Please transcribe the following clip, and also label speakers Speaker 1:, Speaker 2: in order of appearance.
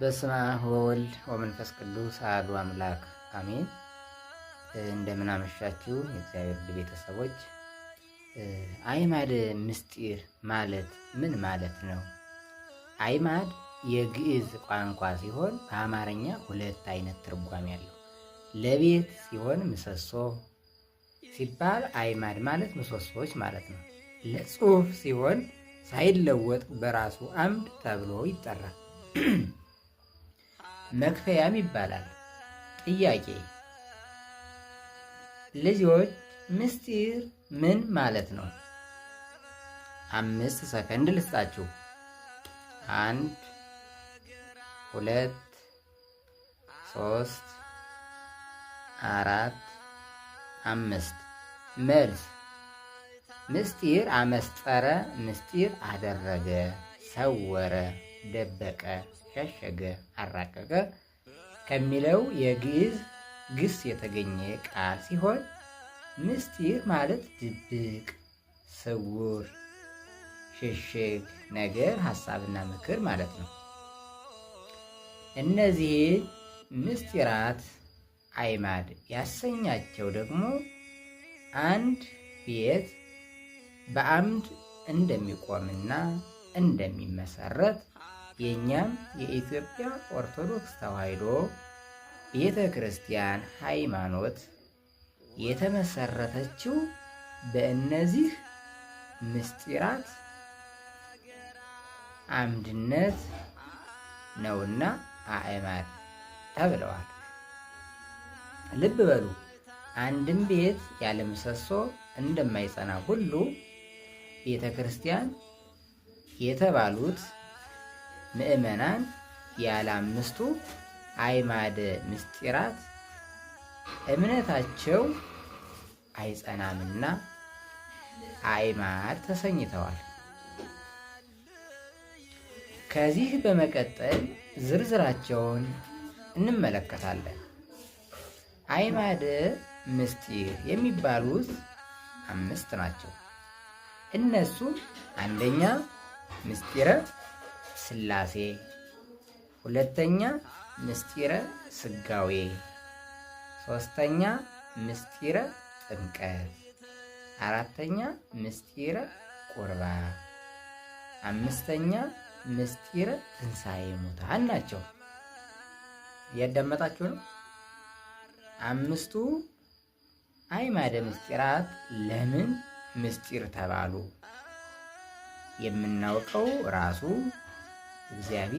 Speaker 1: በስመ አብ ወወልድ ወመንፈስ ቅዱስ አሐዱ አምላክ አሜን። እንደምን አመሻችሁ የእግዚአብሔር ቤተሰቦች። አይማድ ምስጢር ማለት ምን ማለት ነው? አይማድ የግዕዝ ቋንቋ ሲሆን በአማርኛ ሁለት አይነት ትርጓሜ ያለው ለቤት ሲሆን ምሰሶ ሲባል አይማድ ማለት ምሰሶዎች ማለት ነው። ለጽሑፍ ሲሆን ሳይለወጥ በራሱ አምድ ተብሎ ይጠራል። መክፈያም ይባላል። ጥያቄ ልጆች ምስጢር ምን ማለት ነው? አምስት ሰከንድ ልስጣችሁ። አንድ ሁለት ሶስት አራት አምስት መልስ ምስጢር አመስጠረ፣ ምስጢር አደረገ፣ ሰወረ፣ ደበቀ ሸሸገ፣ አራቀቀ ከሚለው የግዕዝ ግስ የተገኘ ቃል ሲሆን ምስጢር ማለት ድብቅ፣ ስውር፣ ሽሽግ ነገር፣ ሀሳብና ምክር ማለት ነው። እነዚህ ምስጢራት አይማድ ያሰኛቸው ደግሞ አንድ ቤት በአምድ እንደሚቆምና እንደሚመሰረት የእኛም የኢትዮጵያ ኦርቶዶክስ ተዋሕዶ ቤተ ክርስቲያን ሃይማኖት የተመሰረተችው በእነዚህ ምስጢራት አምድነት ነውና አእማድ ተብለዋል። ልብ በሉ፣ አንድም ቤት ያለ ምሰሶ እንደማይጸና ሁሉ ቤተ ክርስቲያን የተባሉት ምእመናን ያለ አምስቱ አይማደ ምስጢራት እምነታቸው አይጸናምና አይማድ ተሰኝተዋል። ከዚህ በመቀጠል ዝርዝራቸውን እንመለከታለን። አይማደ ምስጢር የሚባሉት አምስት ናቸው። እነሱም አንደኛ ምስጢረ ስላሴ ሁለተኛ ምስጢረ ስጋዌ፣ ሶስተኛ ምስጢረ ጥምቀት፣ አራተኛ ምስጢረ ቁርባ አምስተኛ ምስጢረ ትንሣኤ ሙታን ናቸው። እያዳመጣችሁ ነው። አምስቱ አዕማደ ምስጢራት ለምን ምስጢር ተባሉ? የምናውቀው ራሱ Gabby.